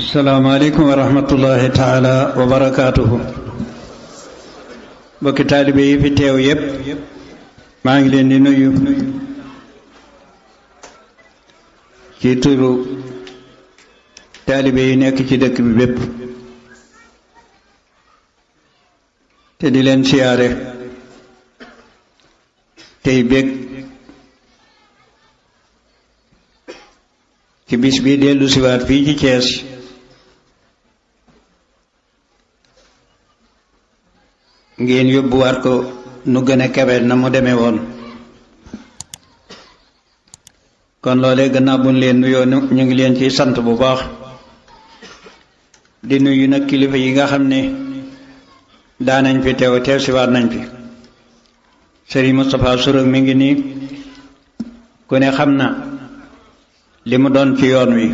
asalaamaaleykum wa rahmatullahi taala wa barakaatuhu mbokki taalibe fi teew yépp maa ngi leen di nuyu ci turu taalibe yi nekk ci dëkk bi bépp te di leen siyaare tey bég ci bis bi dellu siwaat fii ci Cees ngeen yóbbuwaat ko nu gën a na mu demee woon kon loole gannaaw bu leen nuyoo ñu ngi leen ci sant bu baax di nuyu nag kilifa yi nga xam ne daanañ fi teew teew siwaat nañ fi sëriñ Moustapha Sourang mi ngi nii ku ne xam na li mu doon ci yoon wi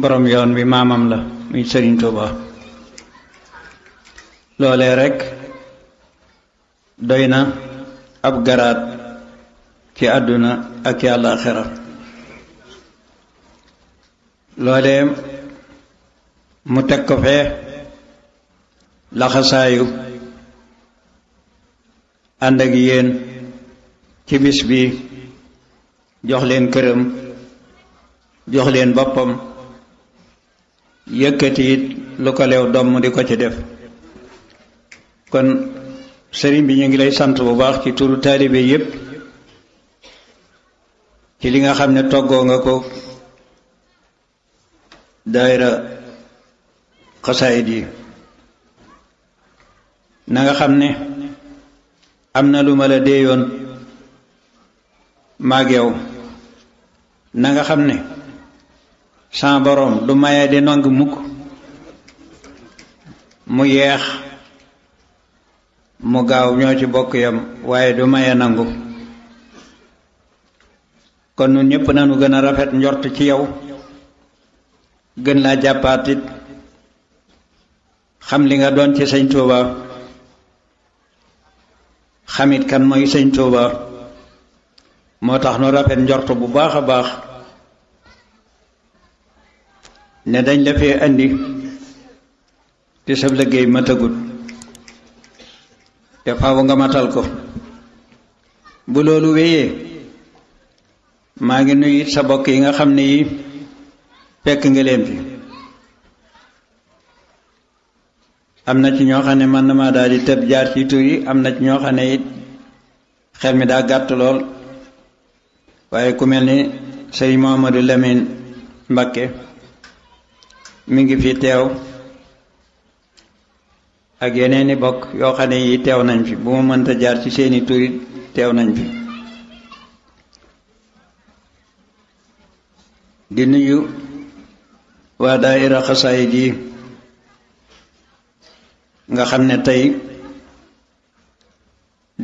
borom yoon bi maamam la muy Sëriñ Tuuba loolee rek doy na ab garaat ci àdduna ak ci àllaaxira loolee mu teg ko fee laxasaayu ànd ak yéen ci bis bi jox leen këram jox leen boppam yëkkati lu ko leew doom di ko ci def kon sëriñ bi ñu ngi lay sant bu baax ci turu taalibe yépp ci li nga xam ne toggoo nga ko daayira xasaayid yi na xam ne am na lu ma la déeyoon maag xam ne sa boroom du maye di nong mukk mu yeex mu gaaw ñoo ci bokk yam waaye du maye nangu kon nun ñépp nañu gën a rafet njort ci yow gën laa jàppaatit xam li nga doon ci sëñ Tuuba xamit kan mooy sëñ Tuuba moo tax nu rafet njort bu baax a baax ne dañ la fee andi te sa liggéey matagul te faaw nga matal ko bu loolu wéyee maa ngi nuyu sa bokk yi nga xam ne yi fekk nga leen fi am na ci ñoo xam ne man damaa daal di tëb jaar ci tur yi am na ci ñoo xam ne it xel mi daa gàtt lool waaye ku mel ni sëñ Mouhamadou lemin mbakke mi ngi fi teew ak yeneen i bokk yoo xam ne yi teew nañ fi bu ma mënta jaar ci seeni turit teew nañ fi di nuyu waa daayira xasaayid yi nga xam ne tey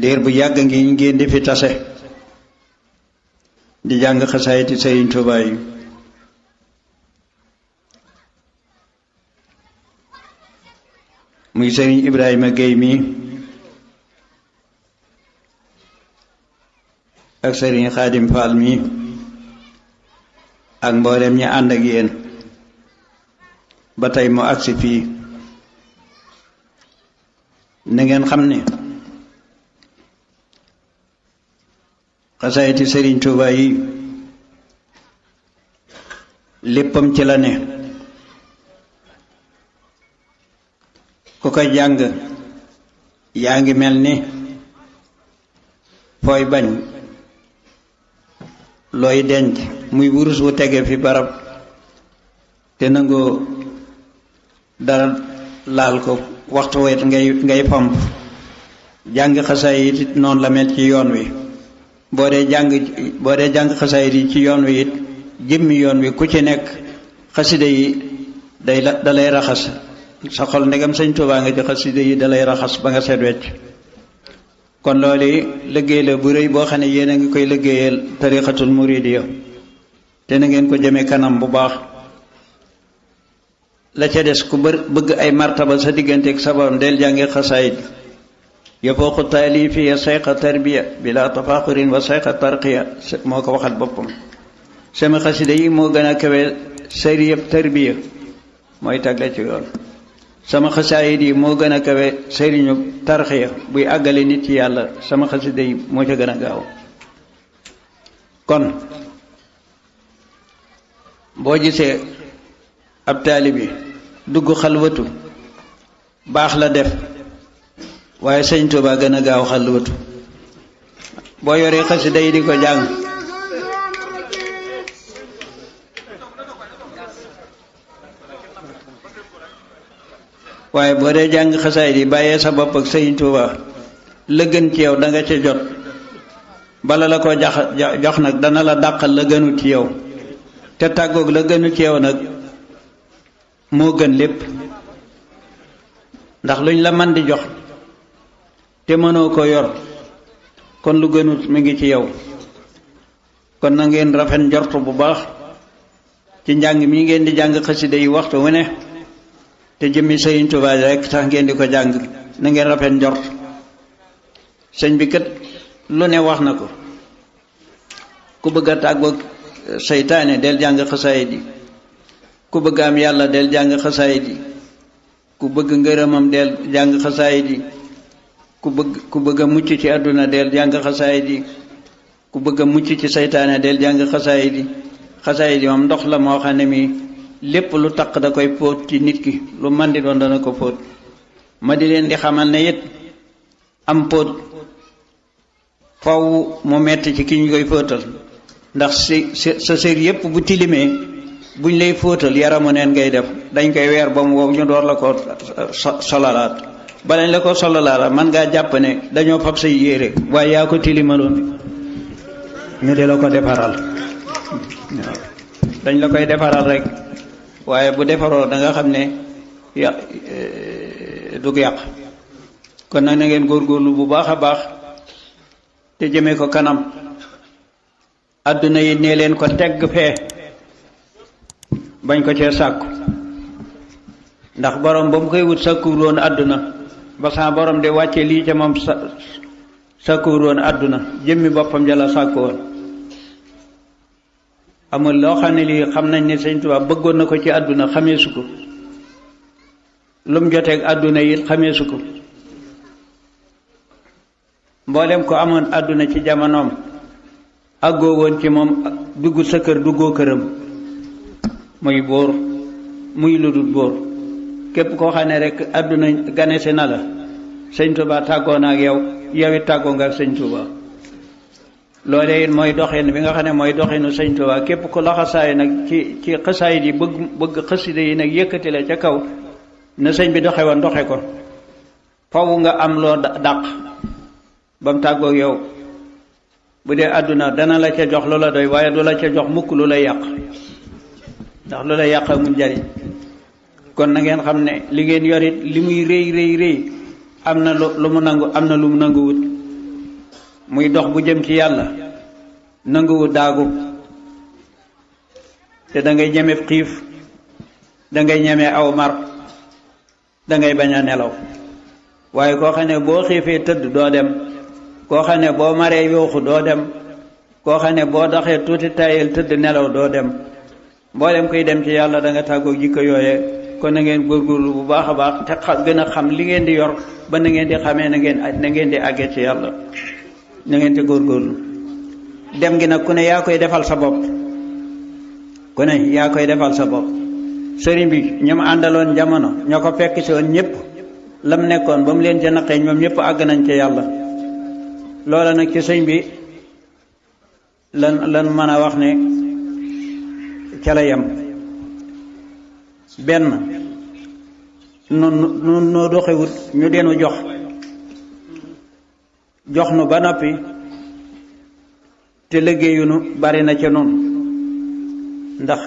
diir bu yàgg ngi ngeen di fi tase di jàng xasaayid yi Sëriñ Tuubaa yi muy sëriñ Ibrahima Guèye mi ak sëriñ Xaadim Fall mi ak mboolem ñi ànd ak yéen ba tey mu agsi fii na ngeen xam ne xasaayiti sëriñ Tuuba yi léppam ci la ne koy jàng yaa ngi mel ni fooy bañ looy denc muy wurus wu tege fi barab te nangoo dara laal ko waxtu wet ngay ngay fomp jàng xasaayid noonu la mel ci yoon wi boo dee jàng boo dee jàng xasaayid yi ci yoon wi it jëmmi yoon wi ku ci nekk xasida yi day la dalay raxas sa xol ndegam sëñ Tuubaa nga ci xasida yi dalay raxas ba nga seet wecc kon loolu liggéey la bu rëy boo xam ne yéen a ngi koy liggéeyal tarixatul muridiya te na ngeen ko jëmee kanam bu baax la ca des ku bëgg ay martaba sa digganteeg sabam del jàngi xasaayid yafooqu taalifi ya sayqa tarbiya bila tafaaxurin ba sayqa tarqiya moo ko waxat boppam sama xasida yi moo gën a kawe sariyab tarbiya mooy tàgga ci yoon sama xasaayit yi moo gën a kawe sëriñu tarxiya buy àggale nit ci yàlla sama xasida yi moo ca gën a gaaw kon boo gisee ab taali bi dugg xalwatu baax la def waaye sëñ Tuubaa gën a gaaw xalwatu boo yoree xasida yi di ko jàng waaye boo dee jàng xasaay di bàyyee sa bopp ak sëriñ la gën ci yow da nga ca jot bala la ko jax jox nag dana la dàqal la gënu ci yow te tàggook la gënu ci yow nag moo gën lépp ndax luñ la man di jox te mënoo ko yor kon lu gënut mi ngi ci yow kon na ngeen rafet njort bu baax ci njàng mi ngeen di jàng xasida yi waxtu wu ne te jëmmi Sëriñ Tuubaa rek tax ngeen di ko jàng na ngeen rafet njort sëñ bi kat lu ne wax na ko ku bëgg a tàggoog seytaane del jàng xasaayid yi ku bëgg am yàlla del jàng xasaayid yi ku bëgg ngërëmam del jàng ku bëgg ku bëgg a mucc ci àdduna del jàng xasaayid yi ku bëgg a mucc ci seytaane del jàng xasaayid yi xasaayid yi moom ndox la moo xam ne mii lépp lu taq da koy póot ci nit ki lu man di doon dana ko póot ma di leen di xamal ne it am póot faw mu metti ci ki ñu koy fóotal ndax sa sër yépp bu tilimee buñ lay fóotal yaramu neen ngay def dañ koy weer ba mu wow ñu doon la ko solalaat balañ la ko solalaat man ngaa jàpp ne dañoo fab say yére waaye yaa ko tilimaloon ñu di la ko defaral dañ la koy defaral rek waaye bu defaroo danga xam ne ya eh, yàq kon nag na ngeen góor góorlu bu baax a baax te jëmee ko kanam àdduna yi nee leen ko teg fee bañ ko cee sàkku ndax borom ba mu koy wut sàkkuwul woon àdduna ba saa borom de wàcce lii ca moom sa sàkkuwul àdduna jëmmi boppam jala sàkku woon amul loo xam ne lii xam nañ ne sëñ Tuubaa bëggoon na ko ci àdduna xamee su ko lum joteeg àdduna yit xamee su ko mboolem ko amoon àdduna ci jamonoom àggoo woon ci moom dugg sa kër duggoo këram muy bóor muy ludul bóor képp koo xam ne rek àdduna ganese na la sëñ Tuubaa tàggoon na ak yow yow it tàggoo nga ak sëñ Tuubaa loolee it mooy doxin bi nga xam ne mooy doxinu sëñ Tuubaa képp ku laxasaay nag ci ci xasaayit yi bëgg bëgg xasida yi nag yëkkati la ca kaw na sëñ bi doxe woon doxe ko fowu nga am loo dàq ba mu tàggoog yow bu dee àdduna dana la ca jox lu la doy waaye du la ca jox mukk lu la yàq ndax lu la yàq amul njariñ kon na ngeen xam ne li ngeen yorit li muy rëy rëy rëy am na lu mu nangu am na lu mu nanguwut muy dox bu jëm ci yàlla nanguwu daagu te dangay ngay ñeme xiif dangay ñeme aw mar dangay bañ a nelaw waaye koo xam ne boo xiifee tëdd doo dem koo xam ne boo maree yooxu doo dem koo xam ne boo doxee tuuti tayel tëdd nelaw doo dem dem koy dem ci yàlla da nga tàggoo jikko yooye kon na ngeen góorgóorlu bu baax a baax te gën a xam li ngeen di yor ba na ngeen di xamee na ngeen na ngeen di àggee ci yàlla na ngeen góor góorgóorlu dem ngi nag ku ne yaa koy defal sa bopp ku ne yaa koy defal sa bopp sëriñ bi ñoom àndaloon jamono ñoo ko fekk si woon ñëpp lam nekkoon ba mu leen ca naqee ñoom ñëpp àgg nañ ca yàlla loola nag ci sëñ bi lan lan mën a wax ne ca la yem benn nun nun doxewut ñu denu jox jox nu ba noppi te liggéeyunu bari na ca noonu ndax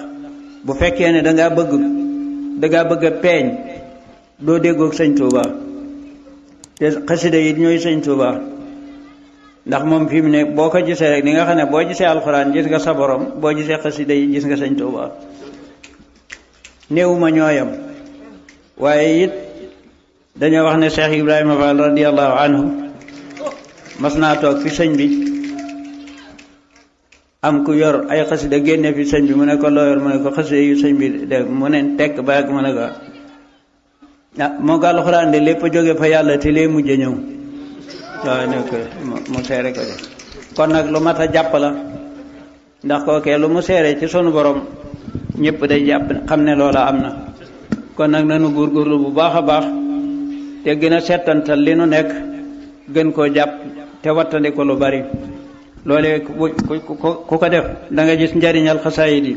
bu fekkee ne dangaa bëgg dangaa bëgg a peeñ doo déggoog sëñ Touba te xasida yi ñooy sëñ Touba ndax moom fi mu ne boo ko gisee rek di nga xam ne boo gisee alxuraan gis nga sa borom boo gisee xasida yi gis nga sëñ Touba néewuma ñooyam waaye it dañoo wax ne Cheikh Ibrahima Fall radiyallahu anhu mas naa toog fi sëñ bi am ku yor ay xasida génne fi sëñ bi mu ne ko loo mu ne ko xasida yu sëñ bi de mu ne tekk baag mu ne ko ah moo ko alxuraan de lépp jóge fa yàlla te lee mujj ñëw waaw ne mu seere ko de kon nag lu mat a jàpp la ndax kookee lu mu seere ci sunu borom ñëpp day jàpp xam ne loola am na kon nag nanu góorgóorlu bu baax a baax te gën a settantal li nu nekk gën koo jàpp te wattandi ko lu bari loolee ku ko ko ko def da gis njariñal xasaayid yi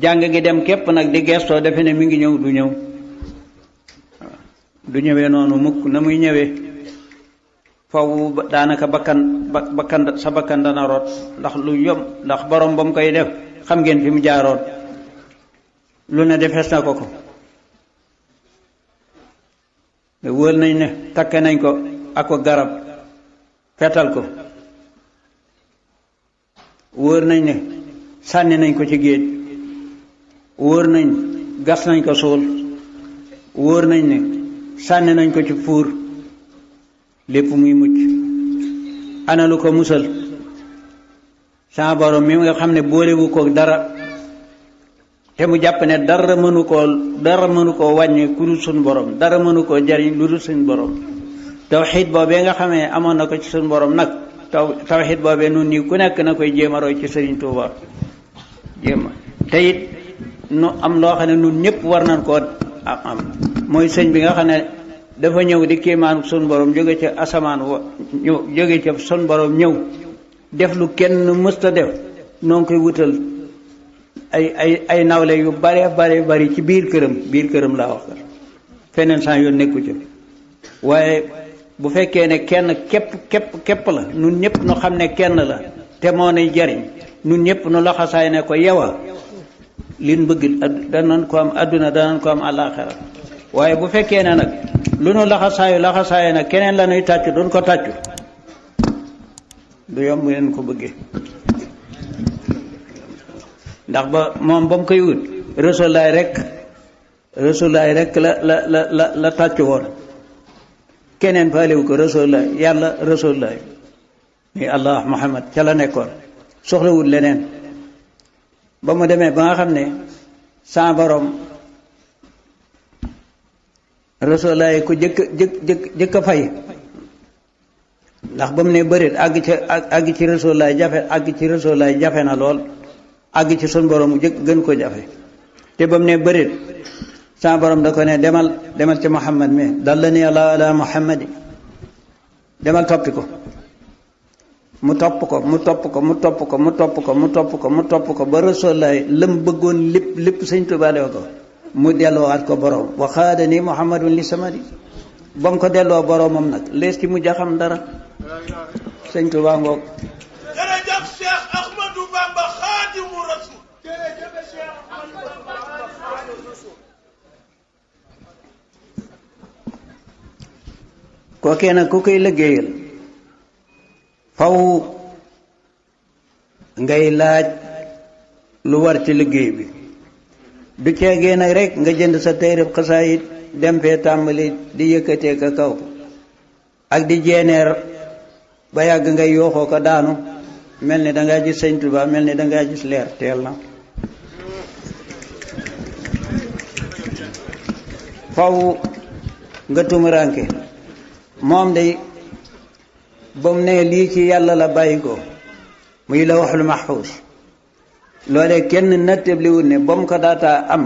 jàng gi dem képp nag di gestoo defe ne mi ngi ñëw du ñëw du ñëwee noonu mukk na muy ñëwee faw daanaka bakkan bakkan sa bakkan dana root ndax lu yom ndax borom ba mu koy def xam ngeen fi mu jaaroon lu ne defees na ko ko wër nañ ne takk nañ ko ako garab fetal ko wóor nañ ne sànni nañ ko ci géej wóor nañ gas nañ ko suul wóor nañ ne sànni nañ ko ci fuur lépp muy mujj ana lu ko musal sama borom mi nga xam ne boolewu ko dara te mu jàpp ne dara mënu koo dara mënu koo wàññi ku dul suñ borom dara mënu koo jariñ lu dul suñ borom tawxiid boobee nga xamee amoon na ko ci suñ borom nag taw tawxid boobee nun nii ku nekk na koy jéemaroo ci sëriñ Tuuba jéem a te it nu am loo xam ne nun ñëpp war nañ koo am mooy sëñ bi nga xam ne dafa ñëw di kéemaan sun boroom jóge ci asamaan wa ñëw jóge ca sun boroom ñëw def lu kenn mësta def noo koy wutal ay ay ay nawle yu bare bare bari ci biir këram biir këram laa wax feneen sans yoon nekku ci waaye bu fekkee ne kenn képp képp képp la nun ñëpp nu xam ne kenn la te moo ne jariñ nun ñëpp nu laxasaay ne ko yewa lin bëgg danañ ko am adduna danañ ko am àllaaxira waaye bu fekkee ne nag lu nu laxasaayu laxasaayu nag keneen la nuy tàcc duñ ko tàcc du yomb leen ko bëggee ndax ba moom ba mu koy wut rasulaay rek rasulaay rek la la la la tàcc woon keneen faalewu ko rasulullah yàlla rasulullah muy allah muhammad ca la nekkoon soxlawul leneen ba mu demee ba nga xam ne sa borom rasulullah ko jëkk jëkk jëkk jëkk a fay ndax ba mu ne bërit àgg ci àgg ci jafe àgg ci rasulullah jafe na lool àgg ci sun borom jëkk gën ko jafe te ba mu ne bërit saa borom da ko ne demal demal ci muhammad mi dallani allah ala muhammadi demal toppi ko mu topp ko mu topp ko mu topp ko mu topp ko mu topp ko mu topp ko ba rasulaay lam bëggoon lépp lépp sëñ Tuubaa def ko mu delloowaat ko borom wa xaada ni muhammadun li samadi ba mu ko delloo boromam nag lees ki mu jaxam dara sëñ Tuubaa ngoog kookee nag ku koy liggéeyal faw ngay laaj lu war ci liggéey bi du ceegee nag rek nga jënd sa téereb xasaayit dem fee tàmbali di yëkkatee ka kaw ak di jeeneer ba yàgg ngay yooxoo ko daanu mel ni dangaa gis sëñ Tuubaa mel ni dangaa gis leer teel na faw nga tumuranke moom day ba mu ne lii ci yàlla la bàyyi ko muy la waxul maxfuus loolee kenn nattabliwul ne ba mu ko am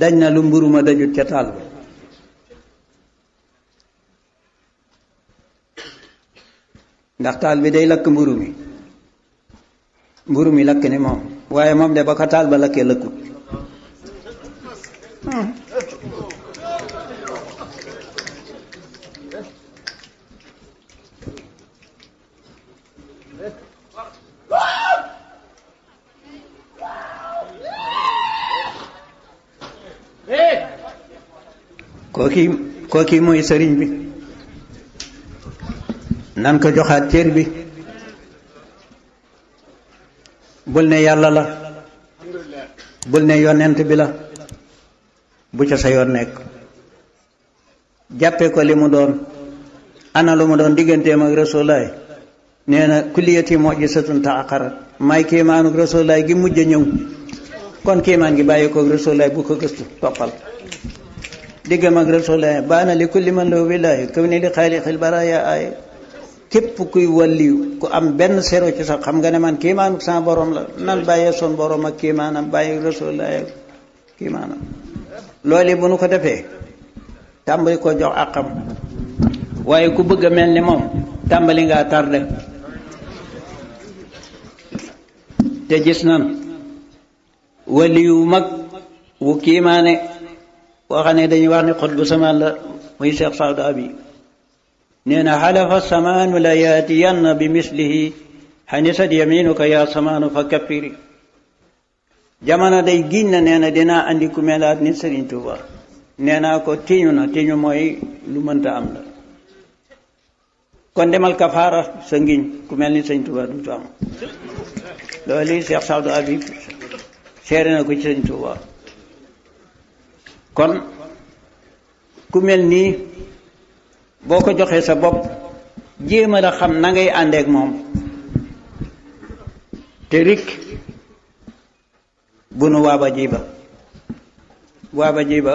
dañ na lu mburu ma dajut ca taal ba ndax taal bi day lakk mburu mi mburu mi lakk ni moom waaye moom de ba ko taal ba lakkee lëkkut kooki kooki mooy sëriñ bi nan ko joxaat cér bi bul ne yàlla la bul ne yonent bi la bu ca yoon nekk jàppe ko li mu doon ana lu mu doon digganteem ak rasulaay nee na kulliyati mujizatun taaqarat may kéemaanuk rasulaay gi mujj a ñëw kon kéemaan gi bàyyi ko rasulaay bu ko gëstu toppal لقى مغرب صلاه بانا لكل من له ولايه كوني لخالق البرايا اي كيف كوي وليو كو ام بن سيرو تي خم غن مان كي مان سان بوروم لا نان باي سون بوروم ما كي مان باي رسول الله كي مان لولي بونو كو دافي تامبلي كو جو اقام واي كو بوغ ملني موم تامبلي غا تارد وليو مك وكيمانه وغني دني وارني قلب سمان لا ويسير صعد أبي نينا حلف السمان لا يأتين بمثله حنسد يمينك يا سمان فكفري جمانا دي جينا نينا دينا عندي كميلات نسرين توبا نينا كو تينونا تينو موي لمن تعمل كون دمال كفارة سنجين كميل نسرين توبا دوتوام لولي سيخ سعد أبي سيرنا كو تينو توبا kon ku mel nii boo ko joxee sa bopp jéem a xam na àndeek moom te rik bu nu waaba jiiba waaba jiiba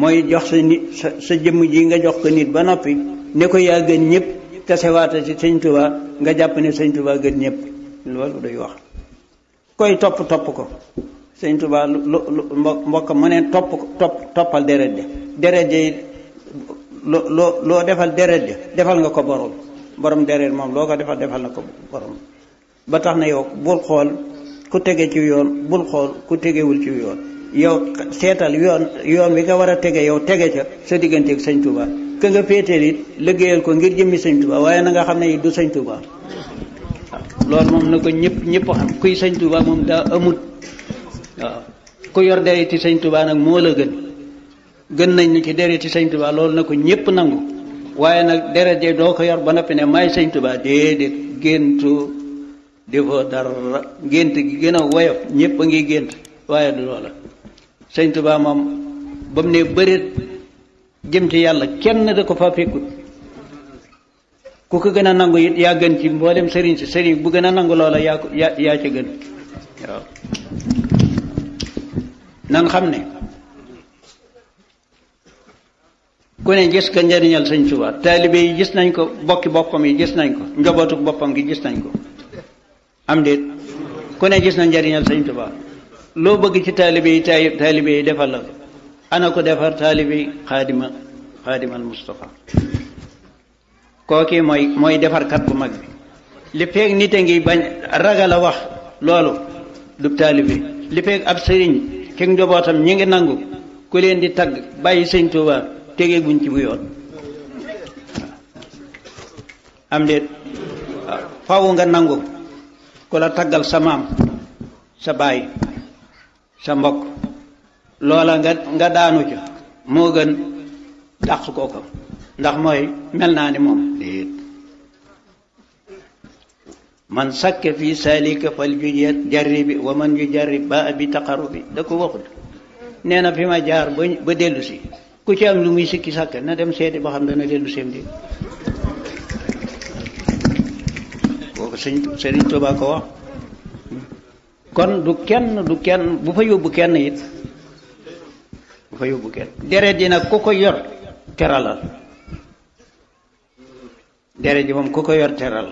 mooy jox sa nit sa sa jëmm ji nga jox ko nit ba noppi ne ko yaa gën ñëpp tasewaate ci sëñ Tuubaa nga jàpp ne sëñ Tuubaa gën ñëpp loolu day wax koy topp topp ko sëñ Tuba lu lu mbokk mu ne topp topp toppal deret ja deret ja loo loo loo defal deret ja defal nga ko borom boroom deret moom loo ko defal defal na ko borom ba tax na yow bul xool ku tege ci yoon bul xool ku tegewul ci yoon yow seetal yoon yoon wi nga war a tege yow tege ca sa digganteeg sëñ Tuba ka nga féeteel it liggéeyal ko ngir jëmmi sëñ Tuba waaye na nga xam ne it du sëñ Tuba loolu moom na ko ñëpp ñëpp xam kuy sëñ Tuba waaw ku yor dereti sëñ Tuubaa nag moo la gën gën nañ ci dereti sëñ Tuubaa loolu na ko ñépp nangu waaye nag deret de doo ko yor ba noppi ne may sëñ Tuubaa déedéet géntu gi gën a woyof ñépp a ngi gént waaye du loola sëñ Tuubaa moom ba ne bëreet jëm ci yàlla kenn da ko fa fekkut ku ko gën a nangu it yaa gën ci mboolem sëriñ si sëriñ bu gën a nangu loola yaa ci gën nan xamne ku ne gis ka njëriñal señ tuba talibé yi gis nañ ko bokki boppam yi gis nañ ko njobootu bopam gi gis nañ ko am deet ku ne gis na njëriñal señ tuba lo bëgg ci talibé yi talibé yi defal la ana ko defar talibé khadima xaadima xaadimal Mustafa moy moy defar kat bu mag bi li feeg nité ngi bañ ragala wax lolu du talibé li feeg ab serigne ci njobootam ñi ngi nangu ku leen di tagg bàyyi sëñ Tuuba tegeeguñ ci bu yoon am déet faw nga nangu ku la taggal sa maam sa baay sa mbokk loola nga nga daanu ca moo gën dàq kooka ndax mooy mel naa ni moom déet man sakke fii saalika fal ju jarribi wa man ju jarrib ba bi taqarubi da ko waxul nee na fi ma jaar ba ba dellu ku ci am lu muy sikki sàkk na dem seeti ba xam dana dellu seem di kooku sëñ sëriñ Tuubaa ko wax kon du kenn du kenn bu fa yóbbu kenn it bu fa yóbbu kenn deret ji nag ku ko yor teralal deret ji moom ku ko yor teral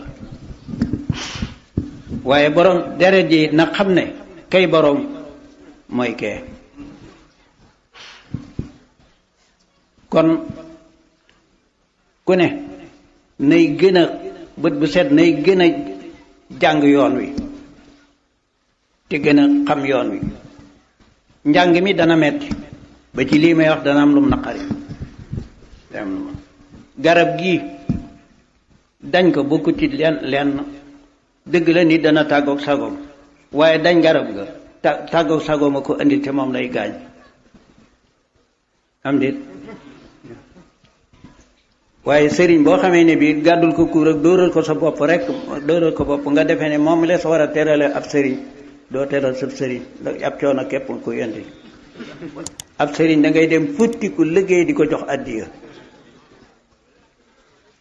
waaye borom deret ji na xam ne kay boroom mooy kee kon ku ne nay gën a bët bu set nay gën a jàng yoon wi te gën a xam yoon wi njàng mi dana metti ba ci lii may wax dana am lu naqari garab gi dañ ko bokkut ci lenn dëgg la nit dana tàggoog sagoom waaye dañ garab nga ta tàggoog sagoom a ko indi te moom lay gaañ am déet waaye sëriñ boo xamee ne bii gàddul ko kuur ak dóoral ko sa bopp rek dóoral ko bopp nga defee ne moom sa war a terale ab sëriñ doo teral sa sëriñ ab coono képp ko yëndi ab sëriñ da ngay dem futti ku liggéey di ko jox addiya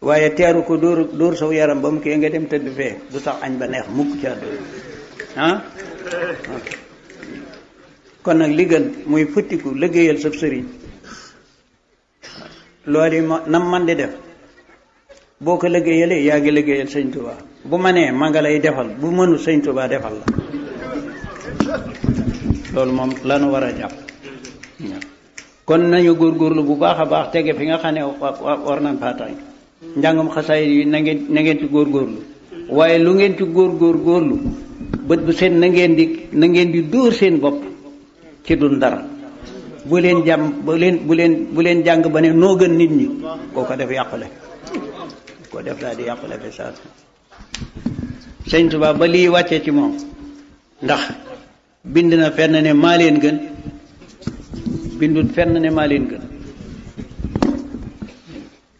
waye teru ko dur dur saw yaram bam ke kii nga dem tedd fe du tax agn ba neex mukk ci addu ah kon nak li gën muy futtiku liggeyal sa serigne loolu nam man di def boko liggeyale ya yaa liggeyal serigne touba bu mané ma nga lay defal bu mënul serigne touba defal la lol mom lañu wara japp kon nañu gorlu bu baax baax tege fi nga xane war nañ fa tay njangam xasaay yi na ngeen na ngeen ci góorgóorlu waye lu ngeen ci gor góorlu beut bu sen na ngeen di na ngeen di door sen bop ci dun dara bu len jam bu len bu len bu len jang bané no gën nit ñi koo ko def yàqule ko def di yàqule ba saa señ Tuba ba li wacce ci mom ndax bind na fenn ne ma len gën bindut fenn ne ma len gën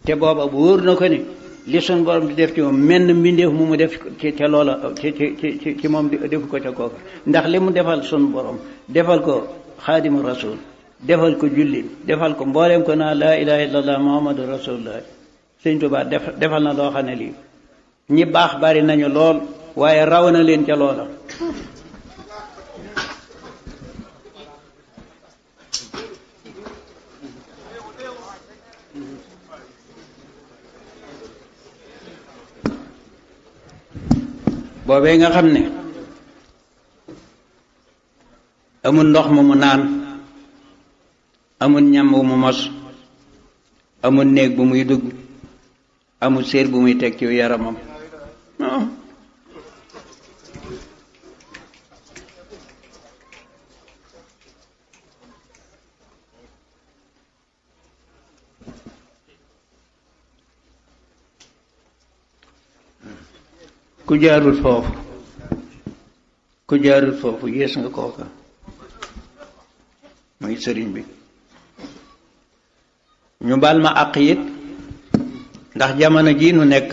te booba wóor na ko ni li sun borom di def ci moom menn mbindeef mu mu def ci ca loola ci ci ci ci moom defu ko ca kooka ndax li mu defal sun borom defal ko xaadimu rasul defal ko julli defal ko mbooleem ko naa la ilaha illallah muhammadu rasulullah sëñ Tuubaa defal na loo xam ne lii ñi baax bari nañu lool waaye raw na leen ca loola boobee nga xam ne amul ndox mu mu naan amul ñam bu mu mos amul néeg bu muy dugg amul séer bu muy teg ci yaramam ku jaarul foofu ku jaarul foofu yées nga kooka muy sëriñ bi ñu baal ma àq it ndax jamono ji nu nekk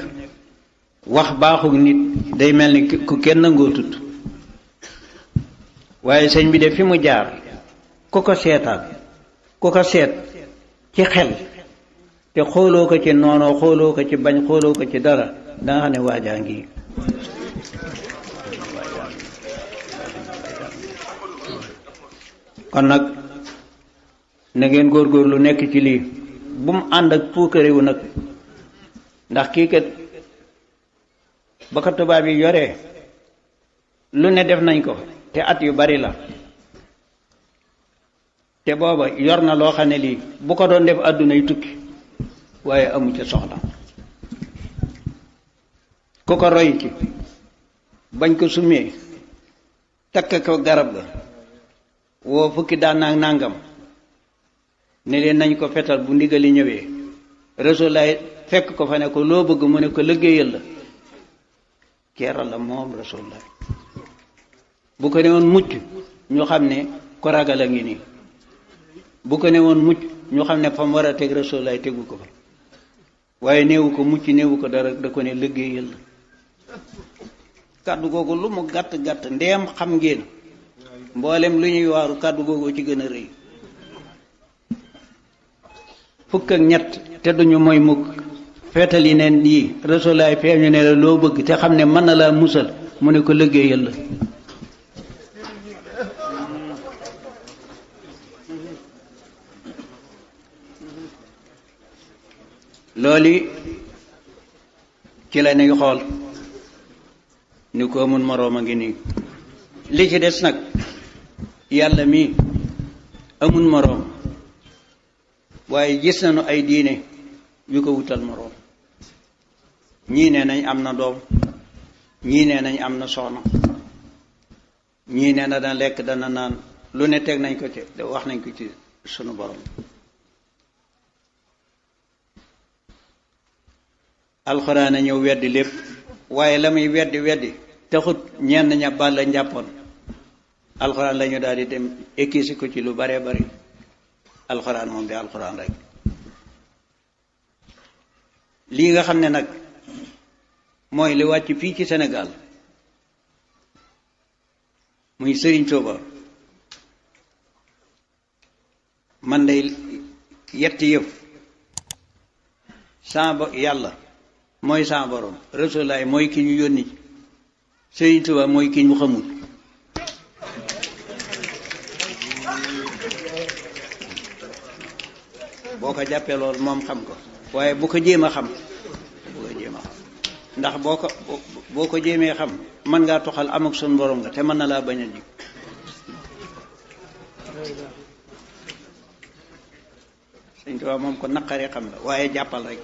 wax baaxu nit day mel ni ku kenn ngoo tut waaye sëñ bi de fi mu jaar ku ko seetaan ku ko seet ci xel te xooloo ko ci noonoo xooloo ko ci bañ xooloo ko ci dara danga xam ne waajaa ngi kon nag na ngeen lu nekk ci lii bu mu ànd ak puukarewu nag ndax kii kat ba ko tubaab yi yoree lu ne def nañ ko te at yu bari la te booba yor na loo xam ne lii bu ko doon def àdduna yu tukki waaye amu ca soxla ku ko roy ci bañ ko summee takk ko garab la woo fukki daan naa nàngam ne leen nañ ko fetal bu ndigali ñëwee rasulaay fekk ko fa ne ko loo bëgg mu ne ko liggéeyal la keral la moom rasulaay bu ko ne woon mucc ñu xam ne ko ragal a ngi nii bu ko ne woon mucc ñu xam ne fa mu war a teg rasulaay tegu ko fa waaye néewu ko mucc néewu ko dara da ko ne liggéeyal la kàddu googu lu mu gàtt gàtt ndeem xam ngeen mboolem lu ñuy waaru kàddu googu ci gën a rëy fukk ak ñett te duñu moy mukk feetal yi neen yii rasulaay feeñu ne la loo bëgg te xam ne mën na laa musal mu ne ko liggéeyal la loolu ci la ñuy xool ni ko amul moroom a ngi nii li ci dess nak yàlla mi amul moroom waye gis nañu ay diine yu ko wutal moroom ñi ne nañ amna doom ñi ne nañ amna soono ñi ne nee na dana lekk dana nan lu ne tek nañ ko ci wax nañ ko ci sunu borom alxuraan a ñëw weddi lépp waaye la muy weddi weddi taxut ñenn ña bàll njàppoon alxuraan la daal di dem ekkisi ko ci lu baree bari alxuraan moom di alxuraan rek lii nga xam ne nag mooy li wàcc fii ci senegaal muy Sëriñ Tuuba man day yetti yëf saa yàlla mooy sa borom rasulaay mooy kii ñu yónni Sëriñ mooy ki ñu xamul boo ko jàppee loolu moom xam ko waaye bu ko jéem a xam bu ko jéem a xam ndax boo ko boo ko jéemee xam mën ngaa toxal am ak sun borom nga te mën na laa bañ a jig Sëriñ Tuubaa moom ko naqaree xam la waaye jàppal rek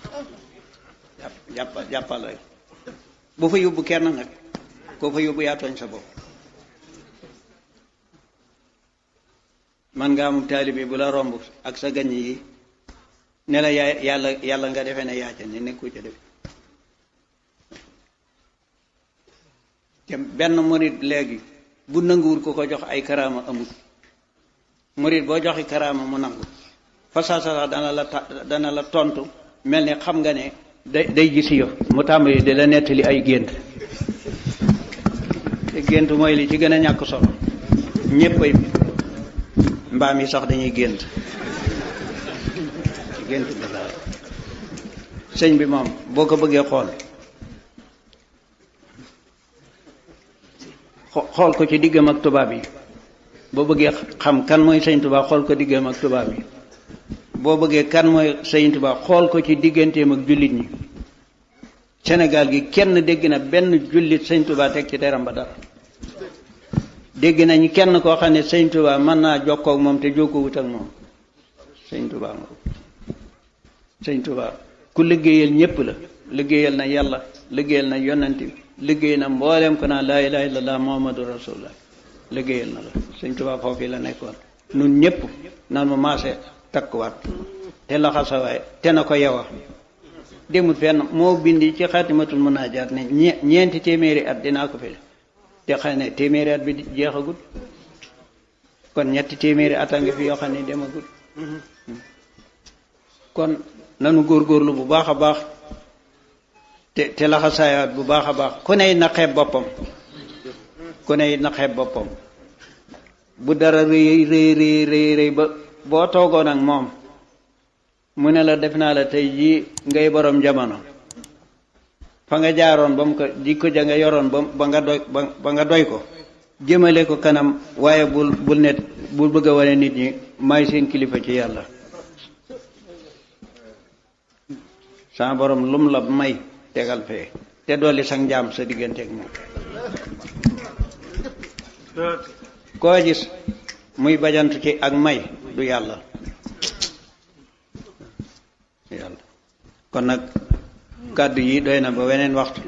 jàppal jàppal rek fa yóbbu kenn nag koo fa yóbbu yaa tooñ sa bopp man nga am taalibe bu la romb ak sa gañ yi ne la yaa yàlla yàlla nga defe ne yaa ca ne nekku ca def benn murit léegi bu nanguwul ko ko jox ay karaama amul murit boo joxi karaama mu nangu fa dana la tontu mel ni xam nga ne day gis yo mu tàmbali de la netali ay gént te gént moy li ci gëna ñak solo ñeppay mbam yi sax dañuy gént da la señ bi mom boko bëgge xol xol ko ci diggam ak tuba bi bo bëgge xam kan moy señ tuba xol ko diggam ak tuba bi boo bëggee kan mooy Sëriñ Tuubaa xool ko ci digganteem ak jullit ñi senegal gi kenn dégg na benn jullit Sëriñ Tuubaa teg ci teram ba dara dégg nañu kenn koo xam ne Sëriñ Tuubaa mën naa jokkoo ak moom te jokkoowut ak moom Sëriñ Tuubaa ku liggéeyal ñépp la liggéeyal na yàlla liggéeyal na yonent liggéey na mbooleem ko naa laa ilaha illallah muhammadu rasulullah liggéeyal na la Sëriñ Tuubaa foofu la nekkoon nun ñépp naan mu maase takkuwaat te laxasoo waaye te na ko yow demul fenn moo bindi ci xaatimatul munajat ne ñeenti téeméeri at dinaa ko fele te xam ne téeméeri at bi jeexagut kon ñetti téeméeri at a ngi fi yoo xam ne demagut kon nanu góorgóorlu bu baax a baax te te laxasaayaat bu baax a baax ku ney naqeeb boppam ku ney naqeeb boppam bu dara rëy rëy rëy rëy ba boo toogoon ak moom mu ne la def naa la tey jii ngay borom jamono fa nga jaaroon ba mu ko jikko ja nga yoroon ba nga doy nga doy ko jëmale ko kanam waaye bul bul net bul bëgg a wane nit ñi may seen kilifa ci yàlla sa borom lum la may tegal fee te dolli sa njaam sa diggante ak moom koo gis muy bajant ci ak may du yalla yalla kon nak kaddu yi doyna na ba wenen waxtu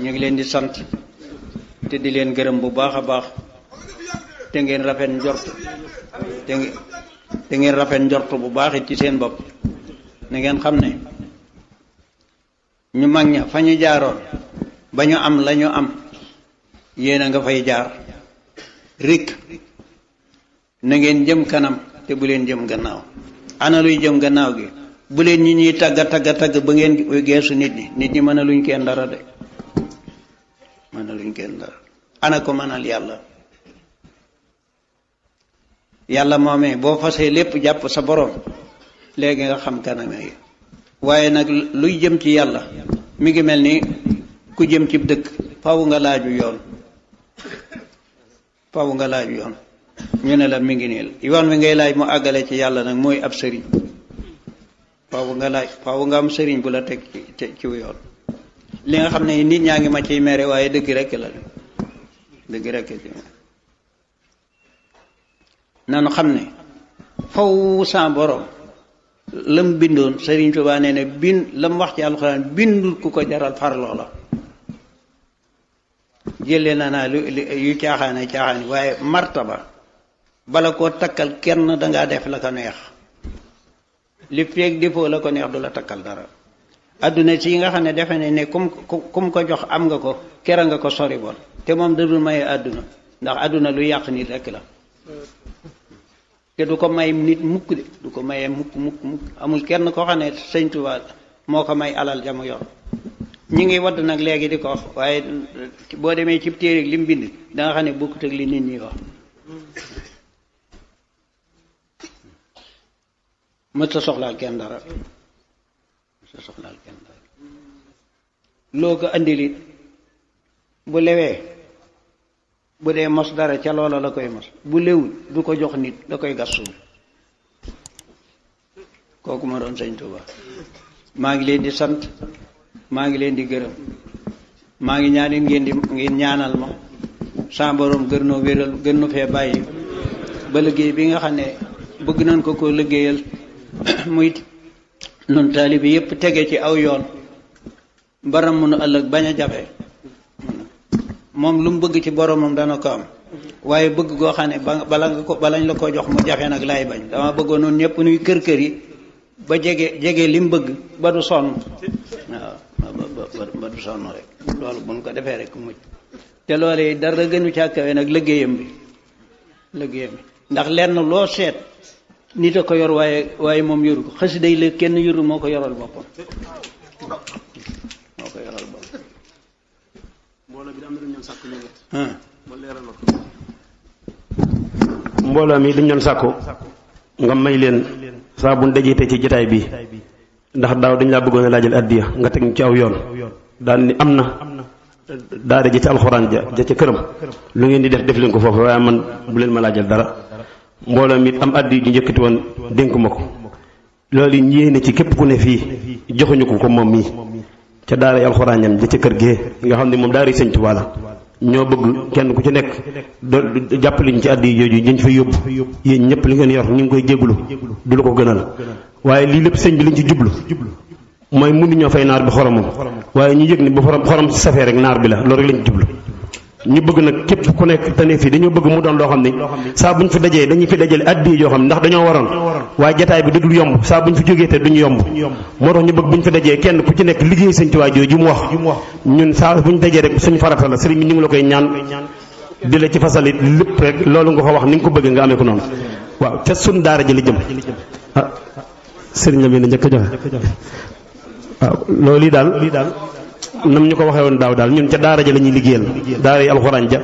ñu ngi leen di sant te di leen gërëm bu baaxa baax te ngeen rafet njort te ngeen rafet njort bu baax ci seen bop na ngeen xamne ñu magña fañu am lañu am yeena nga fay jaar rik na ngeen jëm kanam te bu len jëm gannaaw ana luy jëm gannaaw gi bu leen ñi ñuy tagga tagga tagg ba ngeen geesu nit ñi nit ñi mëna a luñ kenn dara de mëna a luñ kenn dara ana ko manal yalla yalla momé bo fassé lepp japp sa borom légui nga xam kaname yi nag luy jëm ci yalla mi ngi melni ni ku jëm ci dëkk faaw nga laaju yoon faaw nga laaju yoon ñu ne la mi ngi nii la yoon wi ngay laaj mu àggale ci yàlla nag mooy ab sëriñ faaw nga laaj faaw nga am sëriñ bu la teg ci ci yoon li nga xam ne nit ñaa ngi ma ciy mere waaye dëgg rekk la dëgg rekk ci nanu xam ne faw sa borom lam bindoon Sëriñ Tuubaa nee ne bind lam wax ci alxuraan bindul ku ko jaral farloo la jële na naa lu yu caaxaane caaxaane waaye martaba bala koo takkal kenn dangaa def la ko neex li feeg defoo la ko neex du la takkal dara adduna si yi nga xam ne defe ne ne kum kum ko jox am nga ko kera nga ko sori bon te moom dadul maye àdduna ndax àdduna lu yàq nit rekk la te du ko may nit mukk de du ko mayee mukk mukk mukk amul kenn koo xam ne sëñ moo ko may alal ja mu yor ñi ngi wadd nag léegi di ko wax waaye boo demee ci téere lim bind da xam ne bokkut ak li nit ñi wax mës sa soxlaal kenn dara mës sa loo ko andilit bu lewee bu dee mos dara ca loola la koy mos bu lewul du ko jox nit da koy gas suuf kooku ma doon sëñ Tuuba maa ngi leen di sant maa ngi leen di gërëm maa ngi ñaan ngeen di ngeen ñaanal ma sa borom gën noo wéral gën nu fee bàyyi ba liggéey bi nga xam ne bëgg nañ ko koo liggéeyal muy nun taali bi yépp tege ci aw yoon baram munu ëllëg bañ a jafe moom lu mu bëgg ci boromam dana ko am waaye bëgg goo xam ne bala nga ko balañ la ko jox mu jafe nag laay bañ dama bëggoon noonu ñëpp nuy kër kër yi ba jege jege li mu bëgg ba du sonn waaw ba du sonn rek loolu buñ ko defee rek mucc te loolu yi dara gënu càkkawee nag liggéeyam bi liggéeyam bi ndax lenn loo seet nit ko yor waye waye mom yoru ko xasi day le kenn yoru moko yoral bopam moko yoral bopam mbolo bi am na lu ñoon sàkku ma leeral ko mbolo mi liñ doon sakku nga may leen saa bu dajee ci jotaay bi ndax daaw dañ la bëggone a addiya nga tek ci aw yoon daal ni amna daara ji ci alxuraan ja ja ca këram lu ngeen di def def leen ko fofu waaye man bu leen ma laajal dara mbooloom mi am àddi ju njëkkati woon dénk ma ko loolu yéene ci képp ku ne fii joxuñu ko ko moom mii ca daara yi alxuraanam ja ca kër gee nga xam ne moom daara yi sëñ Tuubaa la ñoo bëgg kenn ku ci nekk do jàppaliñ ci àddi yooyu dañ fa yóbbu yéen ñëpp li ngeen yor ñu ngi koy jéglu du la ko gënal waaye lii lépp sëñ bi lañ ci jublu mooy mënuñoo fay naar bi xoromam waaye ñu yëg ni bu xorom xorom safee rek naar bi la loolu rek lañ ci jublu ñu bëgg nag képp ku nekk tane fii dañoo bëgg mu doon loo xam ni saa bu ñu fi dajee dañu fi dajale addi yoo xam ndax dañoo waroon waaye jataay bi du yomb saa bu ñu fi jógee te duñu yomb moo tax ñu bëgg bu ñu fi dajee kenn ku ci nekk liggéey sëñ Tuubaa jooju ju mu wax ñun saa bu ñu dajee rek suñu farata la sëriñ bi ñu ngi la koy ñaan di la ci fasali lépp rek loolu nga ko wax ni nga ko bëgg nga amee ko noonu waaw ca sun daara ji la jëm ah sëriñ la mel ne njëkk a joxe waaw nam ñu ko waxee woon daaw daal ñun ci daara ja la ñuy liggéeyal daara yi alxuraan ja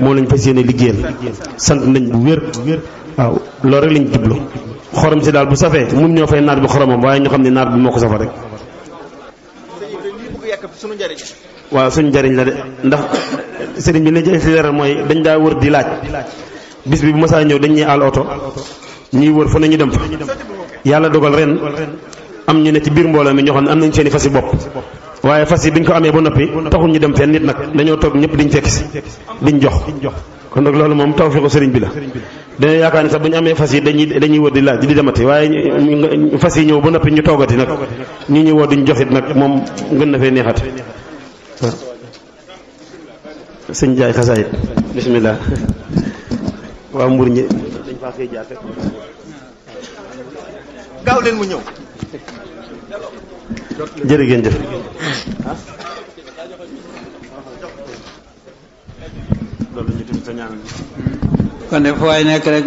mo lañ fas yéene liggéeyal sant nañ bu wër waaw loolu rek lañ jublu xorom ci dal bu safé mun ñoo fay naat bi xoromam waaye ñu xamni naar naat bi moo safa rek waaw suñu jariñ la de ndax sëriñ bi ne jëf ci leeral moy dañ da wër di laaj bis bi bu masaa ñëw dañ ñuy al auto ñuy wër fa nañu dem yalla dogal ren am ñu ne ci bir mbolam mi am nañ seeni fasi bop waaye fas yi biñ ko amee ba noppi taxul ñu dem fenn nit nag dañoo toog ñëpp diñ fekk si diñ jox kon nag loolu moom tawfeexu sëriñ bi la dañoo yaakaar ni sax bu ñu amee fas yi dañuy dañuy wër di laaj di demati waaye fas yi ñëw ba noppi ñu toogati nag ñu ñu woo diñ joxit nag moom gën na fee neexati waaw sëñ jaay xasaayit bismillah waa mbur ñi dañ faa xëy gaaw leen mu ñëw jërë ngeen jëf kon de rek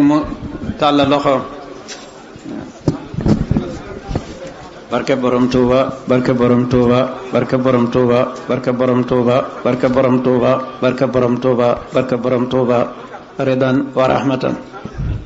barke borom Touba barke borom Touba barke borom Touba barke borom Touba barke borom Touba barke borom Touba barke borom Touba ridan wa rahmatan